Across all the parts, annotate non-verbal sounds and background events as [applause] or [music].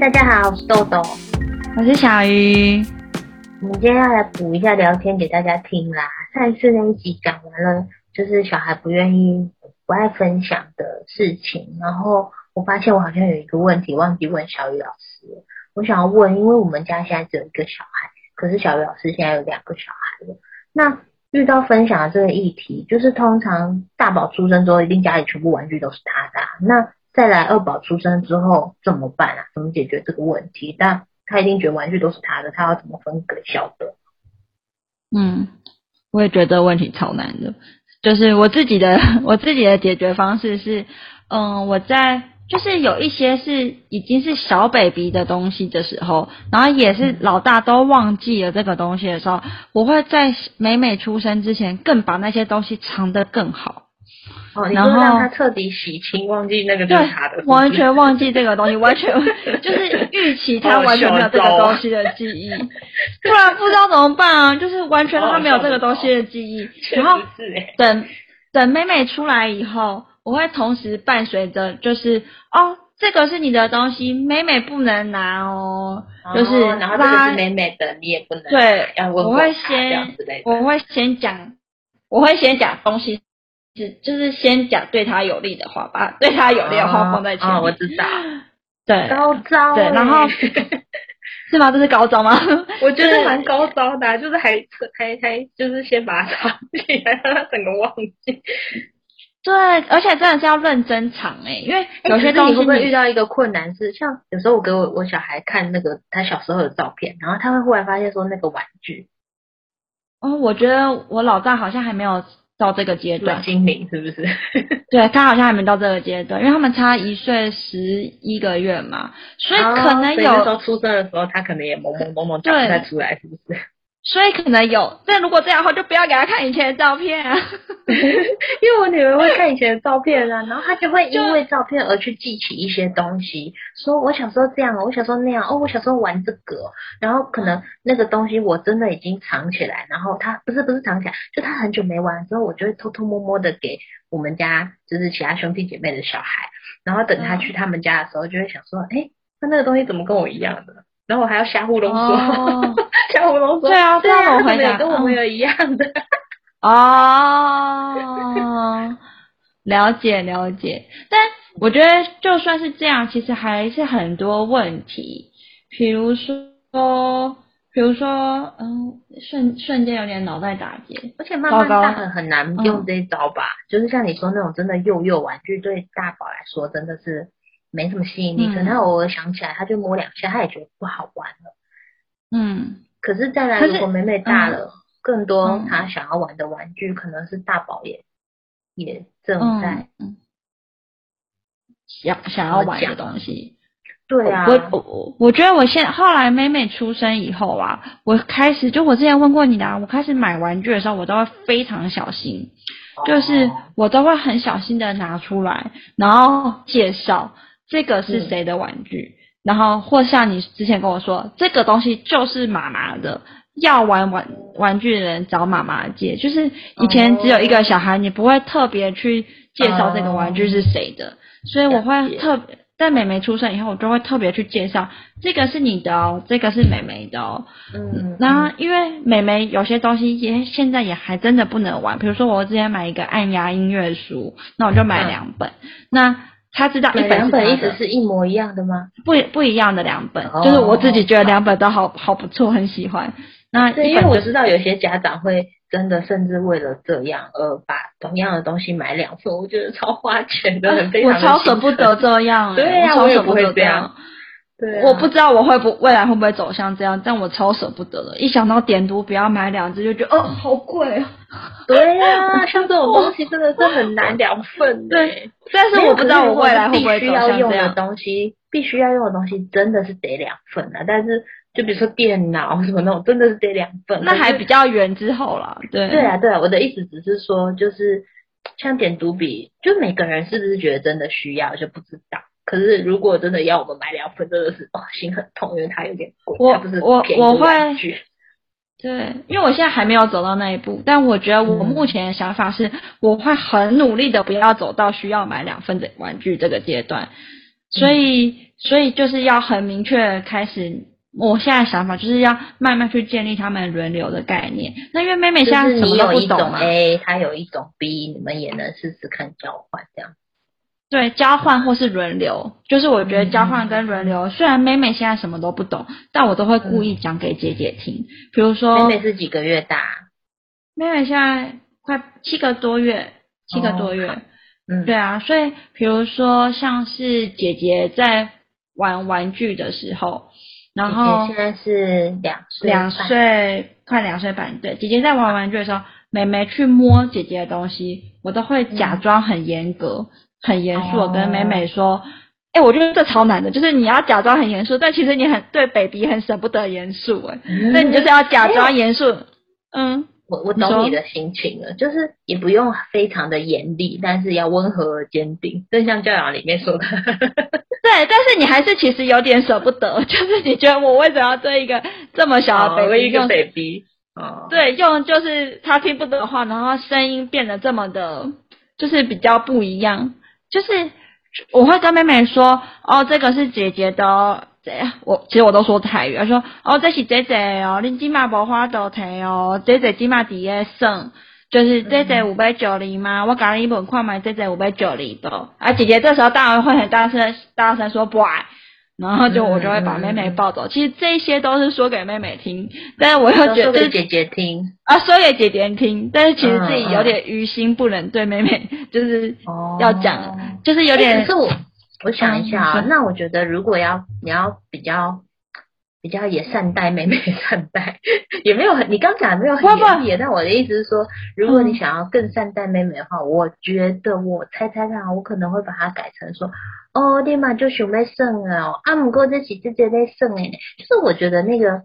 大家好，我是豆豆，我是小魚。我們今天要來補一下聊天給大家聽啦。上一次那一集講完了，就是小孩不願意不愛分享的事情。然後我發現我好像有一個問題忘記問小魚老師，我想要問，因為我們家現在只有一個小孩，可是小魚老師現在有兩個小孩了。那遇到分享的這個議題，就是通常大寶出生之後，一定家裡全部玩具都是他的。那再來二寶出生之後怎麼辦啊？怎麼解決這個問題？但他一定覺得玩具都是他的，他要怎麼分給小的？嗯，我也覺得問題超難的。就是我自己的，我自己的解決方式是，嗯，我在就是有一些是已經是小 baby 的東西的時候，然後也是老大都忘記了這個東西的時候，我會在妹妹出生之前更把那些東西藏得更好。哦、然後讓他徹底洗清，忘記那個對他的完全忘記這個東西， [laughs] 完全就是預期他完全沒有這個東西的記憶，不、哦啊、然不知道怎麼辦啊！就是完全他沒有這個東西的記憶，然後等等妹妹出來以後，我會同時伴隨着就是哦，這個是你的東西，妹妹不能拿哦，哦就是然後這是妹妹的，你也不能拿對，我會先我會先講，我會先講東西。就是先講對他有利的話，把對他有利的話放在前面。哦哦、我知道。對。高招。對，然後 [laughs] 是嗎？這是高招嗎？我覺得蠻高招的，就是還還還就是先把他藏起來，讓他整個忘記。對，而且真的是要認真藏哎、欸，因為、欸、有些東西會你你會遇到一個困難是，像有時候我給我我小孩看那個他小時候的照片，然後他會忽然發現說那個玩具。嗯、哦，我覺得我老大好像還沒有。到這個階段，精靈是不是？對，他好像還沒到這個階段，因為他們差一歲十一個月嘛，所以可能有。哦，那時候，出生的時候，他可能也某某懵懵長出來，是不是？所以可能有，但如果這樣的話，就不要給他看以前的照片啊。 [laughs] 因為我女兒會看以前的照片啊，然後她就會因為照片而去記起一些東西，就說我小時候這樣，我小時候那樣哦，我小時候玩這個，然後可能那個東西我真的已經藏起來，然後他不是不是藏起來，就他很久沒玩之後，我就會偷偷摸摸的給我們家，就是其他兄弟姐妹的小孩，然後等他去他們家的時候，就會想說，哎、嗯，他、欸、那，那個東西怎麼跟我一樣的？然後我還要瞎胡弄說。哦像我都說，對啊，那我樣、啊、回想，跟我們有一樣的。嗯、 [laughs] 哦，了解了解，但我覺得就算是這樣，其實還是很多問題。比如說，比如說，嗯，瞬瞬間有點腦袋打結，而且慢慢大很高高了很難用這一招吧。嗯、就是像你說那種真的幼幼玩具，對大寶來說真的是沒什麼吸引力，嗯、可能偶爾想起來他就摸兩下，他也覺得不好玩了。嗯。可是再來，是如果妹妹大了，嗯、更多她想要玩的玩具，嗯、可能是大寶也也正在、嗯、想想要玩的東西。對啊，我我我，我覺得我現在後來妹妹出生以後啊，我開始就我之前問過你的、啊，我開始買玩具的時候，我都會非常小心，就是我都會很小心的拿出來，然後介紹這個是誰的玩具。嗯然後或像你之前跟我說，這個東西就是媽媽的，要玩玩玩具的人找媽媽借。就是以前只有一個小孩，嗯、你不會特別去介紹這個玩具是誰的，嗯、所以我會特別解在妹妹出生以後，我就會特別去介紹這個是你的哦，這個是妹妹的哦。嗯，那因為妹妹有些東西也現在也還真的不能玩，比如說我之前買一個按壓音樂書，那我就買兩本，嗯、那。他知道兩本一直是一模一樣的嗎？不不一樣的兩本，哦、就是我自己覺得兩本都好好，好，好不錯，很喜歡。對那因為我知道有些家長會真的甚至為了這樣，呃，把同樣的東西買兩份，我覺得超花錢的，很的我超捨不得這樣，欸、對我超捨不得這樣，對呀，我也不會這樣。對、啊，我不知道我會不未來會不會走向這樣，但我超捨不得的。一想到點讀筆要買兩支，就覺得哦，好貴、啊。對呀、啊，像這種東西真的是很難、哦、兩份的。對，但是我不知道我未來會不會走向這樣。必須要用的東西必須要用的東西真的是得兩份啊！但是就比如說電腦什麼那種，真的是得兩份。那還比較遠之後啦。對對啊，對啊！我的意思只是說，就是像點讀筆，就每個人是不是覺得真的需要，我就不知道。可是，如果真的要我們買兩份，真的是、哦、心很痛，因為他有點貴，它不是便宜玩具。我我我會，對，因為我現在還沒有走到那一步，但我覺得我目前的想法是，嗯、我會很努力的，不要走到需要買兩份的玩具這個階段。所以，嗯、所以就是要很明確開始。我現在想法就是要慢慢去建立他們輪流的概念。那因為妹妹現在什麼都不懂，就是你有一種 A，她有一種 B，你們也能試試看交換這樣。對，交換或是輪流，就是我覺得交換跟輪流，嗯、雖然妹妹現在什麼都不懂，嗯、但我都會故意講給姐姐聽。比如說，妹妹是幾個月大？妹妹現在快七個多月，七個多月。哦、嗯，對啊，所以比如說像是姐姐在玩玩具的時候，然後姐姐現在是兩歲，兩歲，快兩歲半，對，姐姐在玩玩具的時候，好妹妹去摸姐姐的東西，我都會假裝很嚴格。嗯很嚴肅，oh. 我跟美美說，哎、欸，我覺得這超難的，就是你要假裝很嚴肅，但其實你很對 baby 很捨不得嚴肅，哎，那你就是要假裝嚴肅。Oh. 嗯，我我懂你的心情了，說就是也不用非常的嚴厲，但是要溫和而堅定，正向教養裡面說的。 [laughs] 對，但是你還是其實有點捨不得，就是你覺得我為什麼要對一個這麼小的 baby、oh, 一個 baby？哦、oh.，對，用就是他聽不懂的話，然後聲音變得這麼的，就是比較不一樣。就是我會跟妹妹說，哦，這個是姐姐的，這樣我其實我都說台語，說，哦，這是姐姐的哦，你今晚不花多錢哦，姐姐今晚第一省，就是、嗯、哼姐姐五百九厘嘛，我講你問看買姐姐五百九厘不？啊，姐姐這時候當然會很大聲，大聲說不愛。然後就我就會把妹妹抱走，嗯、其實這些都是說給妹妹聽，但是我又覺得、就是、都給姐姐聽啊，說給姐姐聽，但是其實自己有點於心不忍，對妹妹就是要講，哦、就是有點。欸、可是我我想一下啊，嗯、那我覺得如果要你要比較比較也善待妹妹，善待也沒有你剛講沒有很嚴也我不但我的意思是說，如果你想要更善待妹妹的話，我覺得我猜猜看，我可能會把它改成說。哦，你嘛、哦，就準備送啊，阿姆哥這幾次都在送呢。就是我覺得那個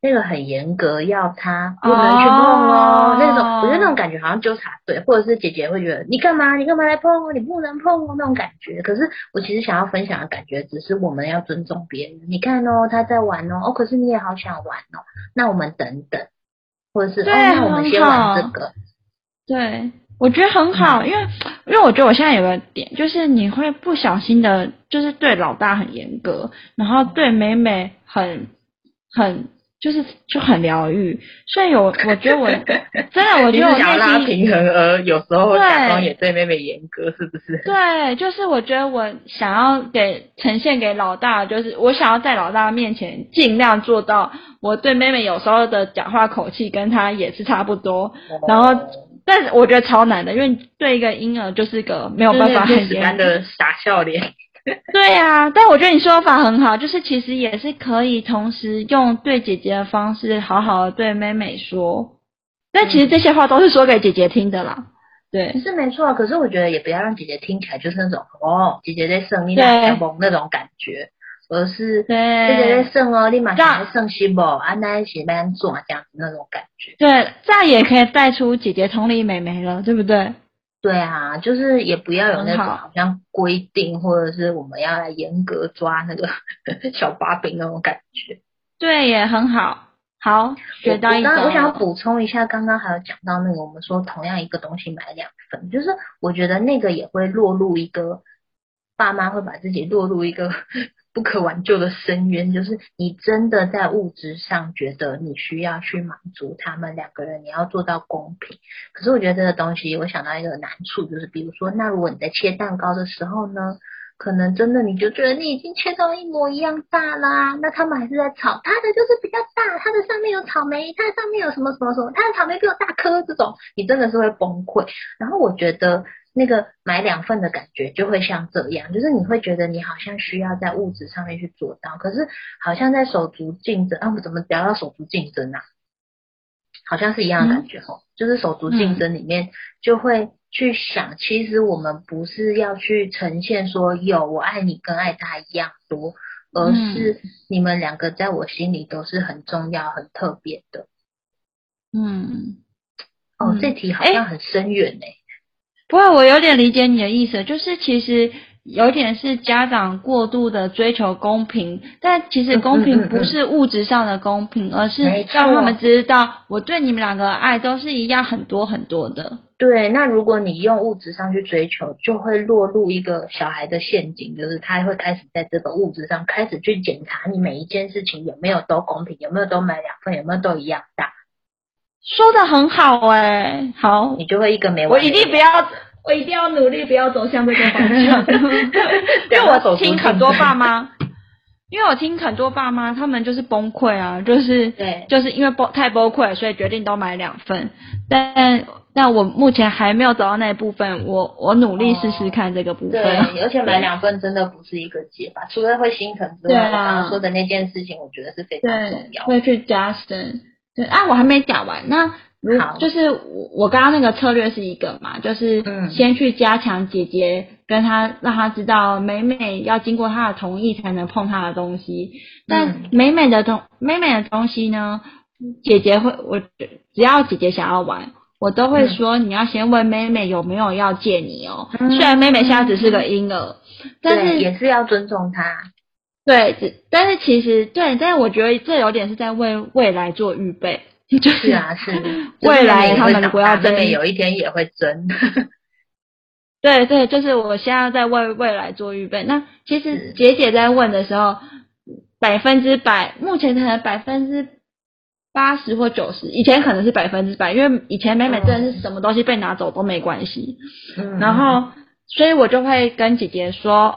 那個很嚴格要，要、哦、他、哦、不能碰哦。那種我覺得那種感覺好像糾纏。對，或者是姐姐會覺得你幹嘛？你幹嘛來碰、哦？你不能碰、哦、那種感覺。可是我其實想要分享的感覺，只是我們要尊重別人。你看哦，他在玩哦，哦，可是你也好想玩哦。那我們等等，或者是對哦，那我們先玩這個。對。我覺得很好，嗯啊、因為因為我覺得我現在有個點，就是你會不小心的，就是對老大很嚴格，然後對妹妹很很就是就很療癒。所以我我覺得我 [laughs] 真的我覺得我內心平衡，而有時候假裝也對妹妹嚴格，對是不是？對，就是我覺得我想要給呈現給老大，就是我想要在老大面前盡量做到，我對妹妹有時候的講話口氣跟她也是差不多，然後。但我覺得超難的，因為對一個嬰兒就是個沒有辦法很簡單、就是、的傻笑臉。 [laughs] 對呀、啊，但我覺得你說法很好，就是其實也是可以同時用對姐姐的方式，好好的對妹妹說。但其實這些話都是說給姐姐聽的啦。嗯、對。是沒錯，可是我覺得也不要讓姐姐聽起來就是那種哦，姐姐在勝利在望那種感覺。而是姐姐對在剩哦，立馬上來省心不？樣啊，大家一起慢慢做這樣子那種感覺。對，這樣也可以帶出姐姐同理妹妹了， [laughs] 對不對？對啊，就是也不要有那種好像規定，好或者是我們要來嚴格抓那個小把柄那種感覺。對，也很好。好，學到一種。我我，我想補充一下，剛剛還有講到那個，我們說同樣一個東西買兩份，就是我覺得那個也會落入一個爸媽會把自己落入一個。不可挽救的深淵，就是你真的在物質上覺得你需要去滿足他們兩個人，你要做到公平。可是我覺得這個東西，我想到一個難處，就是比如說，那如果你在切蛋糕的時候呢，可能真的你就覺得你已經切到一模一樣大啦。那他們還是在吵，他的就是比較大，他的上面有草莓，他的上面有什麼什麼什麼，他的草莓比較大顆，這種你真的是會崩潰。然後我覺得。那個買兩份的感覺就會像這樣，就是你會覺得你好像需要在物質上面去做到，可是好像在手足競爭，啊，我們怎麼聊到手足競爭啊？好像是一樣的感覺哦，嗯、就是手足競爭裡面就會去想，嗯、其實我們不是要去呈現說有我愛你跟愛他一樣多，而是你們兩個在我心裡都是很重要、很特別的。嗯，哦，嗯、這題好像很深遠呢、欸。不過我有點理解你的意思，就是其實有點是家長過度的追求公平，但其實公平不是物質上的公平，嗯嗯嗯，而是沒錯。讓他們知道我對你們兩個愛都是一樣很多很多的。對，那如果你用物質上去追求，就會落入一個小孩的陷阱，就是他會開始在這個物質上開始去檢查你每一件事情有沒有都公平，有沒有都買兩份，有沒有都一樣大。說得很好哎、欸，好，你就會一個沒我一定不要，嗯、我一定要努力，不要走向這種方向。因為我聽很多爸媽，因為我聽很多爸媽，他們就是崩潰啊，就是對，就是因為崩太崩潰，所以決定都買兩份。但但我目前還沒有走到那一部分，我我努力試試看這個部分、嗯。對，而且買兩份真的不是一個解法，對除了會心疼之外，啊、剛剛說的那件事情，我覺得是非常重要，會去加深。對啊，我還沒講完。那好，嗯、就是我我剛剛那個策略是一個嘛，就是先去加強姐姐跟她，嗯、讓她知道美美要經過她的同意才能碰她的東西。但美美的東、嗯、美美的東西呢，姐姐會，我只要姐姐想要玩，我都會說，你要先問美美有沒有要借你哦。嗯、雖然美美現在只是個嬰兒，嗯、但是也是要尊重她。對，但是其實對，但是我覺得這有點是在為未來做預備，就是啊是，未來他們不要爭，這邊有一天也會爭 [laughs] 對對，就是我現在在為未來做預備。那其實姐姐在問的時候，百分之百，目前可能百分之八十或九十，以前可能是百分之百，因為以前每每真的是什麼東西被拿走都沒關係。嗯。然後，所以我就會跟姐姐說。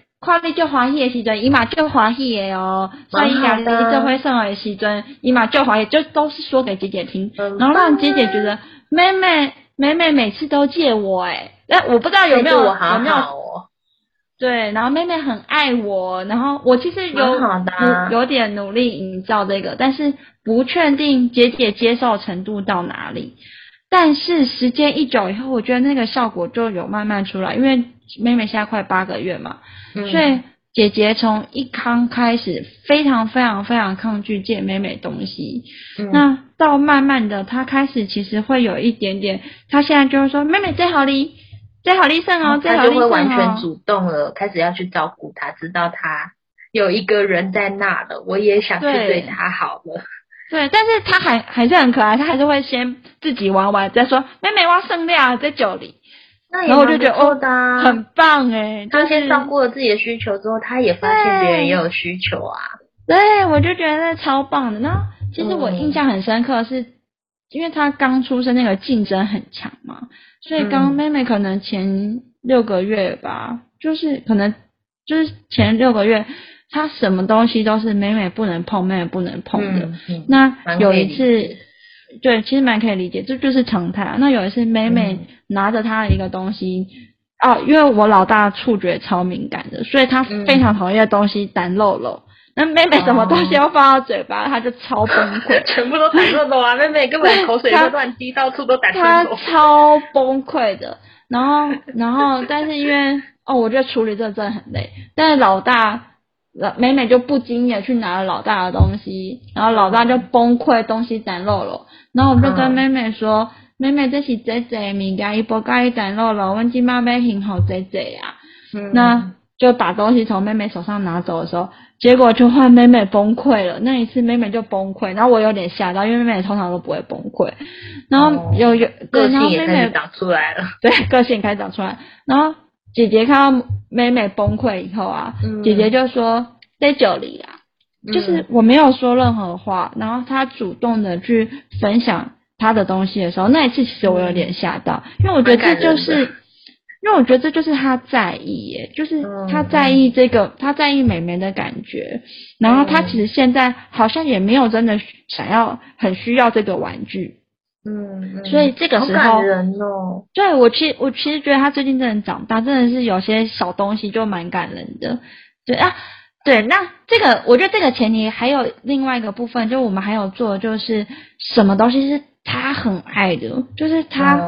快樂就歡喜的時陣，姨媽就歡喜的哦。所以家己自這做會順耳的時陣，姨媽就歡喜，就都是說給姐姐聽，嗯、然後讓姐姐覺得、嗯、妹妹妹妹每次都借我，哎哎，我不知道有沒有有沒有。對，然後妹妹很愛我，然後我其實有有點努力營造這個，但是不確定姐姐接受程度到哪裡。但是時間一久以後，我覺得那個效果就有慢慢出來，因為，妹妹現在快八個月嘛，嗯、所以姐姐從一康開始非常非常非常抗拒借妹妹東西，嗯、那到慢慢的她開始其實會有一點點，她現在就是說妹妹最好哩，最好哩剩哦，啊、最好哩剩哦、喔。她就會完全主動了，開始要去照顧她，知道她有一個人在那了，我也想去對她好了。對，對，但是她還還是很可愛，她還是會先自己玩玩再說，妹妹勝剩料在酒裡。」那然後我就覺得、啊、哦，很棒哎，就是、他先照顧了自己的需求之後，他也發現別人也有需求啊。對，我就覺得那超棒的。那其實我印象很深刻的是，嗯、因為他剛出生那個競爭很強嘛，所以剛剛妹妹可能前六個月吧，嗯、就是可能就是前六個月，他什麼東西都是妹妹不能碰，妹妹不能碰的。嗯嗯、那有一次。對，其實蠻可以理解，這就，就是常態啊。那有一次，妹妹拿着她的一個東西，嗯、哦，因為我老大觸覺超敏感的，所以她非常討厭的東西沾露露。那、嗯、妹妹什麼東西要放到嘴巴，她就超崩潰，哦、 [laughs] 全部都沾露露啊！ [laughs] 妹妹根本口水要斷堤，到處她都沾露露，超崩潰的， [laughs] 然後然後，但是因為哦，我覺得處理這個真的很累。但是老大老妹妹就不經意的去拿了老大的東西，然後老大就崩潰，東西沾露露。然後我們就跟妹妹說，好妹妹，這是姐姐的物件，伊不介意掉落了，我們媽媽要呵護姐姐呀。嗯、那就把東西從妹妹手上拿走的時候，結果就換，妹妹崩潰了。那一次妹妹就崩潰，然後我有點嚇到，因為妹妹通常都不會崩潰。然後有有、哦、對個性也開始長出來了，妹妹，對，個性開始長出來。然後姐姐看到妹妹崩潰以後啊，嗯、姐姐就說：“在家裡啊就是我沒有說任何話，嗯、然後他主動的去分享他的東西的時候，那一次其實我有點嚇到，嗯、因為我覺得這就是，因為我覺得這就是他在意耶，就是他在意這個，嗯、他在意妹妹的感覺，然後他其實現在好像也沒有真的想要很需要這個玩具，嗯，嗯所以這個時候，好感人哦，對我其實我其實覺得他最近真的長大，真的是有些小東西就蠻感人的，對啊。對，那這個我覺得這個前提還有另外一個部分，就我們還有做，就是什麼東西是他很愛的，就是他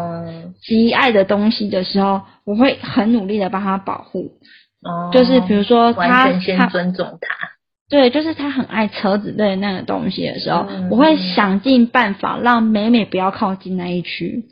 極愛的東西的時候，我會很努力的幫他保護。哦、就是比如說他他。完全先尊重他，他。對，就是他很愛車子類的那個東西的時候，嗯、我會想盡辦法讓妹妹不要靠近那一區。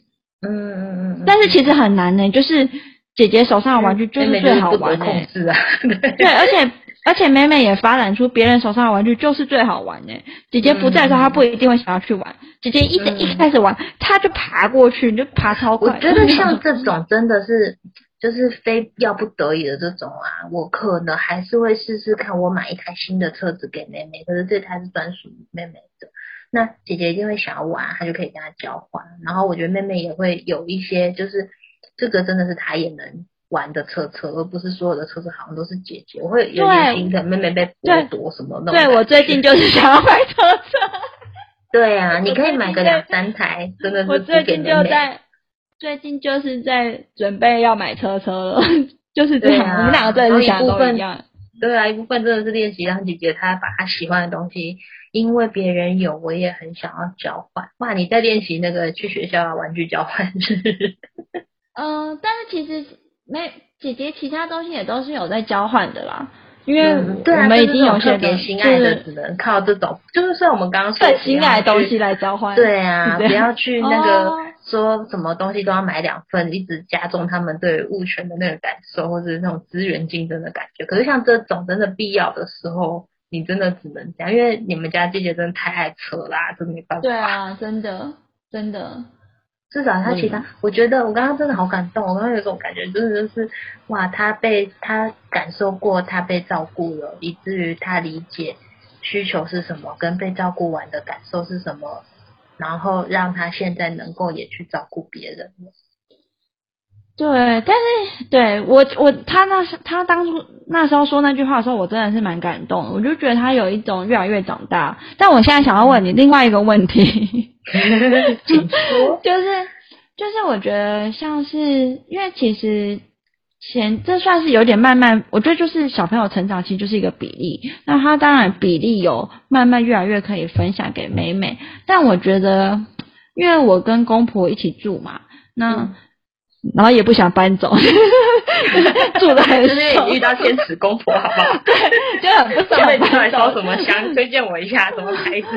嗯嗯嗯，但是其實很難呢，就是姐姐手上的玩具就是最好玩的。嗯、妹妹不得控制啊。對，對而且。而且妹妹也發展出別人手上的玩具就是最好玩耶。姐姐不在的時候，她不一定會想要去玩。嗯、姐姐一一開始玩，她就爬過去，你就爬超快。我覺得像這種真的是，就是非要不得已的這種啊，我可能還是會試試看，我買一台新的車子給妹妹，可是這台是專屬於妹妹的。那姐姐一定會想要玩，她就可以跟她交換。然後我覺得妹妹也會有一些，就是這個真的是她也能。玩的車車，而不是所有的車車好像都是姐姐，我會有點心疼妹妹被剝奪什麼那種。對，我最近就是想要買車車。對啊，你可以買個兩三台，真的。我最近就在最近就是在準備要買車車了，就是這樣。我們兩個在夢想都一樣。對啊，一部分真的是練習讓姐姐她把她喜歡的東西，因為別人有，我也很想要交換。哇，你在練習那個去學校的玩具交換？嗯，但是其實。那姐姐，其他東西也都是有在交換的啦，因為我們、嗯對啊、我們已經有些特別心愛的，只能靠這種，就是像我們剛剛說的，心愛的東西來交換。對啊，對不要去那個說什麼東西都要買兩份，Oh, 一直加重他們對物權的那個感受，或者是那種資源競爭的感覺。可是像這種真的必要的時候，你真的只能這樣，因為你們家姐姐真的太愛扯啦、啊，真沒辦法。對啊，真的，真的。至少他其他，嗯，我覺得我剛剛真的好感動，我剛剛有種感覺，真的就是哇，他被他感受過，他被照顧了，以至於他理解需求是什麼，跟被照顧完的感受是什麼，然後讓他現在能夠也去照顧別人。對，但是對我我他那時他當初那時候說那句話的時候，我真的是蠻感動，我就覺得他有一種越來越長大。但我現在想要問你另外一個問題， [laughs] 請說。就是。就是我覺得像是，因為其實前這算是有點慢慢，我覺得就是小朋友成長期就是一個比例，那他當然比例有慢慢越來越可以分享給妹妹，但我覺得，因為我跟公婆一起住嘛，那，嗯然後也不想搬走，住 [laughs] 的很少。 [laughs] 就是遇到天使公婆，好不好？對，就很不爽。拜託，燒什麼香？ [laughs] 推薦我一下，怎麼來着？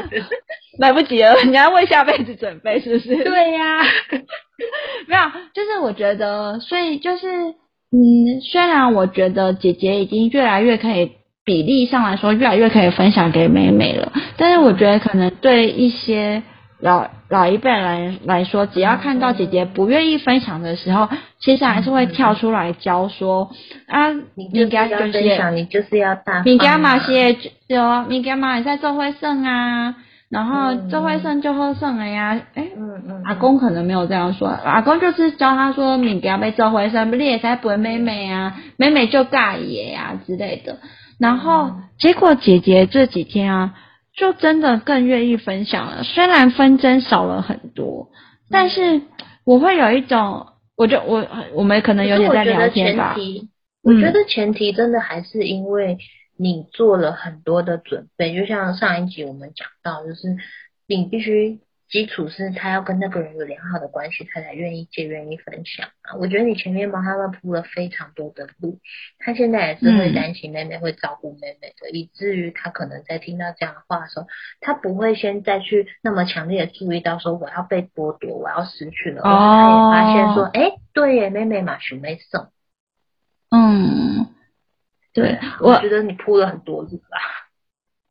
來不及了，你要為下輩子準備，是不是？對呀、啊。 [laughs] 沒有，就是我覺得，所以就是，嗯，雖然我覺得姐姐已經越來越可以，比例上來說越來越可以分享給妹妹了，但是我覺得可能對一些。老老一輩人來來說，只要看到姐姐不願意分享的時候，其實還是會跳出來教說、嗯嗯、啊，你不要分享，啊、你就是要大方。你不要買些，就你不要買在做會剩啊，然後、嗯、做會剩就好剩了呀。誒嗯嗯，阿、嗯啊、公可能沒有這樣說，阿、嗯啊、公就是教他說，你不要被做會剩，你才陪妹妹啊，妹妹就尬爺啊之類的。然後、嗯、結果姐姐這幾天啊。就真的更願意分享了，雖然紛爭少了很多，但是我會有一種，我就我我們可能有點在聊天吧。我覺得前提，嗯、我覺得前提真的還是因為你做了很多的準備，就像上一集我們講到，就是你必須。基礎是他要跟那個人有良好的關係，他才願意借，願意分享啊。我覺得你前面幫他們鋪了非常多的路，他現在也是會擔心妹妹會照顧妹妹的，嗯、以至於他可能在聽到這樣的話的時候，他不會先再去那麼強烈的注意到說我要被剝奪，我要失去了，他也發現說，哎，哦欸，對耶，妹妹嘛，兄妹送，嗯，對，對，我覺得你鋪了很多路吧？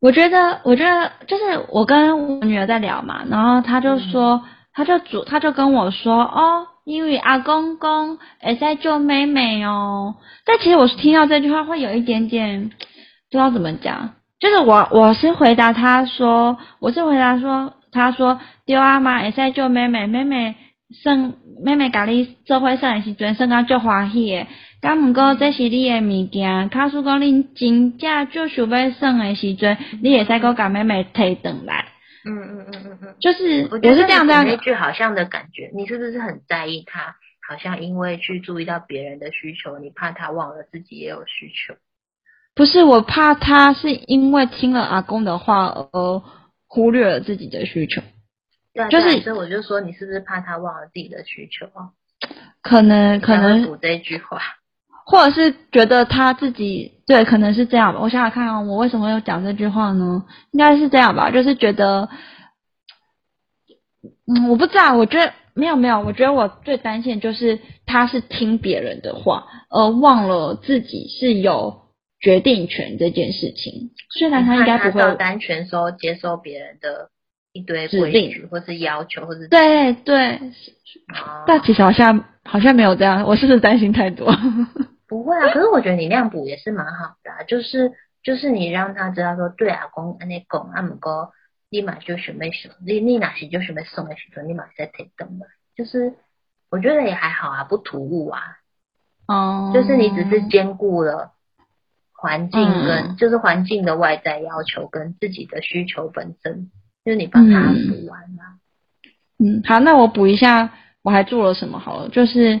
我覺得，我覺得，就是我跟我女兒在聊嘛，然後她就說，嗯、她就主，她就跟我說，哦，因為阿公公也在救妹妹哦。但其實我是聽到這句話會有一點點，不知道怎麼講，就是我，我是回答她說，我是回答說，她說丟阿、啊、媽也在救妹妹，妹妹剩妹妹咖喱社會上也是准，剩剛救華耶。咁唔過，這是你誒物件。卡叔講，恁真正就想要耍誒時陣，嗯、你會使擱甲妹妹摕轉來。嗯嗯嗯嗯嗯，嗯嗯就是我覺也是這樣這樣。那句好像的感覺，你是不是很在意他？好像因為去注意到別人的需求，你怕他忘了自己也有需求。不是，我怕他是因為聽了阿公的話而忽略了自己的需求。對啊、就是，所以我就說，你是不是怕他忘了自己的需求？可能可能這,這句話。或者是覺得他自己，對，可能是這樣吧。我想想看啊，我為什麼有講這句話呢？應該是這樣吧，就是覺得，嗯，我不知道，我覺得沒有沒有，我覺得我最擔心的就是他是聽別人的話，而忘了自己是有決定權這件事情。雖然、嗯、他應該不會有他他照單全收接受別人的一堆規矩定或是要求，或是對對。對哦、但其實好像好像沒有這樣，我是不是擔心太多？ [laughs] 不會啊，可是我覺得你那樣補，也是蠻好的，啊，就是就是你讓他知道說，對啊，拱那拱阿姆哥，立馬就準備什麼，立立哪西就準備送哪西，立馬在 take down 嘛。就是我覺得也還好啊，不突兀啊。哦，嗯。就是你只是兼顧了環境跟，嗯，就是環境的外在要求跟自己的需求本身，就是你幫他補完啦，啊嗯。嗯，好，那我補一下，我還做了什麼好了，就是。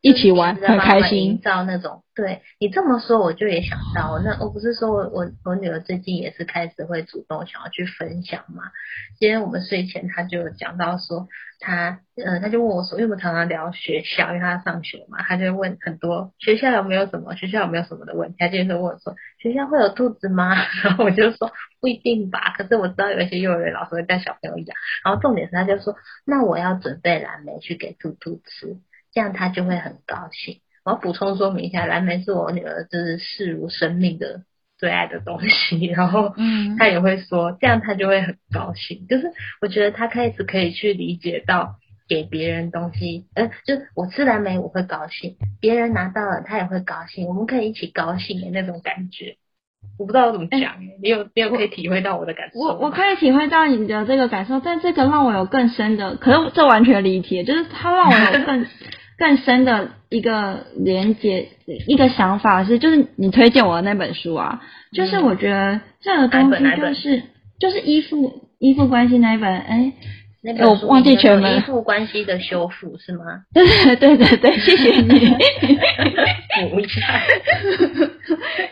慢慢那一起玩很開心，照那種。對你這麼說，我就也想到，那我不是說我我我女兒最近也是開始會主動想要去分享嘛。今天我們睡前，她就講到說，她，呃，她就問我說，因為我們常常聊學校，因為她要上學嘛，她就問很多學校有沒有什麼，學校有沒有什麼的問題。她就問我說，學校會有兔子嗎？然後我就說不一定吧，可是我知道有一些幼兒園老師會帶小朋友養。然後重點是，她就說，那我要準備藍莓去給兔兔吃。這樣他就會很高興。我要補充說明一下，藍莓是我女兒就是視如生命的最愛的東西。然後，嗯，他也會說，這樣他就會很高興。就是我覺得他開始可以去理解到給別人東西，呃，就是我吃藍莓我會高興，別人拿到了他也會高興，我們可以一起高興的那種感覺。我不知道怎麼講，欸，你有你有可以體會到我的感受？我我可以體會到你的這個感受，但這個讓我有更深的，可是這完全理解，就是他讓我有更。 [laughs] 更深的一個連接，一個想法是，就是你推薦我的那本書啊，嗯、就是我覺得這個東西就是就是依附依附關係那本哎，那我忘記全文，依附關係、欸、的修復是嗎？對對對對，謝謝你。 [laughs] 下 [laughs]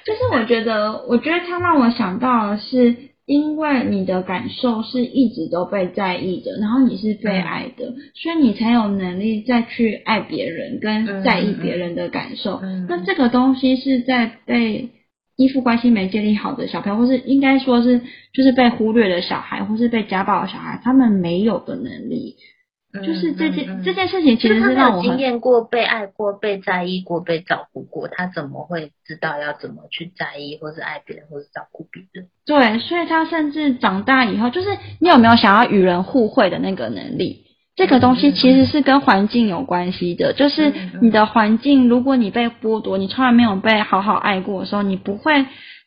就是我覺得，我覺得它讓我想到的是。因為你的感受是一直都被在意的，然後你是被愛的，對所以你才有能力再去愛別人，跟在意別人的感受。嗯嗯嗯，那這個東西是在被依附關係沒建立好的小朋友，或是應該說是，就是被忽略的小孩，或是被家暴的小孩，他們沒有的能力。就是這件、嗯嗯、這件事情，其實是很，他沒有經驗過被愛過、被在意過、被照顧過，他怎麼會知道要怎麼去在意或是愛別人或是照顧別人？對，所以他甚至長大以後，就是你有沒有想要與人互惠的那個能力？這個東西其實是跟環境有關係的。就是你的環境，如果你被剝奪，你從來沒有被好好愛過的時候，你不會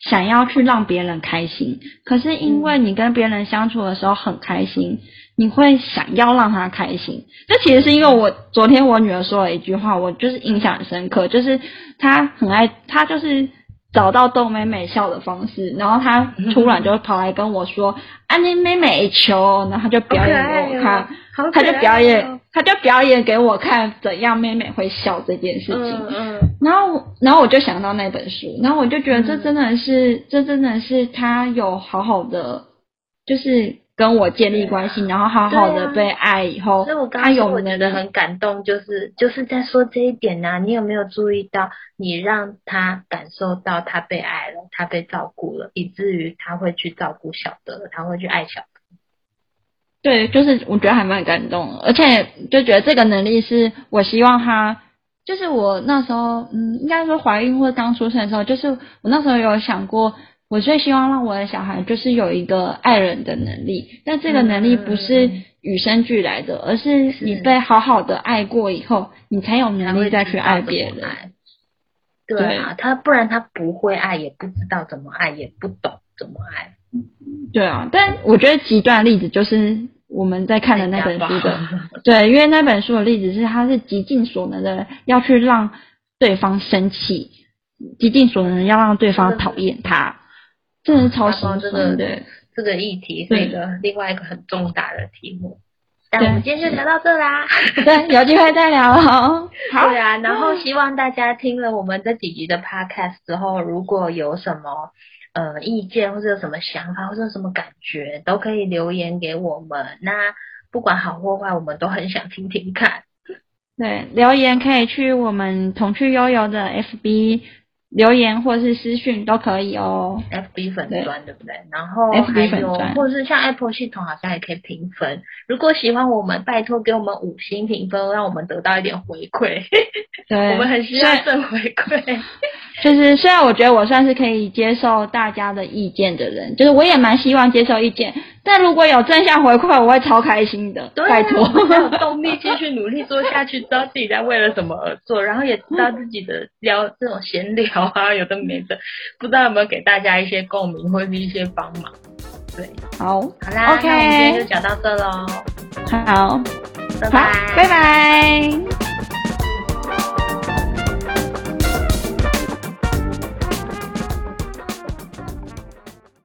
想要去讓別人開心。可是因為你跟別人相處的時候很開心。你會想要讓她開心，這其實是因為我昨天我女兒說了一句話，我就是印象很深刻，就是她很愛，她就是找到逗妹妹笑的方式，然後她突然就跑來跟我說：“嗯、哼啊，你妹妹求”，然後她就表演給我看，她就表演，okay, 她就表演給我看怎樣妹妹會笑這件事情。嗯。嗯然後然後我就想到那本書，然後我就覺得這真的是，嗯、這真的是她有好好的就是。跟我建立關係，啊、然後好好的被愛以後，所以我剛剛我覺得很感動，就是就是在說這一點吶、啊。你有沒有注意到，你讓他感受到他被愛了，他被照顧了，以至於他會去照顧小德，他會去愛小德。對，就是我覺得還蠻感動，而且就覺得這個能力是我希望他，就是我那時候，嗯，應該說懷孕或剛出生的時候，就是我那時候有想過。我最希望讓我的小孩就是有一個愛人的能力，但這個能力不是與生俱來的，而是你被好好的愛過以後，是你才有能力再去愛別人。對啊，他不然他不會愛，也不知道怎麼愛，也不懂怎麼愛。對啊，但我覺得極端的例子就是我們在看的那本書的，對，因為那本書的例子是他是極盡所能的要去讓對方生氣，極盡所能要讓對方討厭他。這是超多這個對這個議題是一對、那個另外一個很重大的題目，對但我們今天就聊到這啦，對， [laughs] 有機會再聊。好，對啊，然後希望大家聽了我們這幾集的 podcast 之後，如果有什麼呃意見或者有什麼想法或者有什麼感覺，都可以留言給我們。那不管好或壞，我們都很想聽聽看。對，留言可以去我們童趣悠遊的 FB。留言或是私訊都可以哦，FB 粉專對不對？對，然後還有，FB 粉專或是像 Apple 系統好像也可以評分，如果喜歡我們，拜托給我們五星評分，讓我們得到一點回饋， [laughs] 對，我們很需要這回饋。但 [laughs] 就是雖然我覺得我算是可以接受大家的意見的人，就是我也蠻希望接受意見，但如果有正向回饋，我會超開心的。對拜托，有動力繼續努力做下去，知道自己在為了什麼而做，然後也知道自己的聊 [laughs] 這種閒聊啊，有的沒的，不知道有沒有給大家一些共鳴或是一些幫忙。對，好，好啦，OK，我們今天就講到這嘍。好，拜拜 bye，拜拜。Bye bye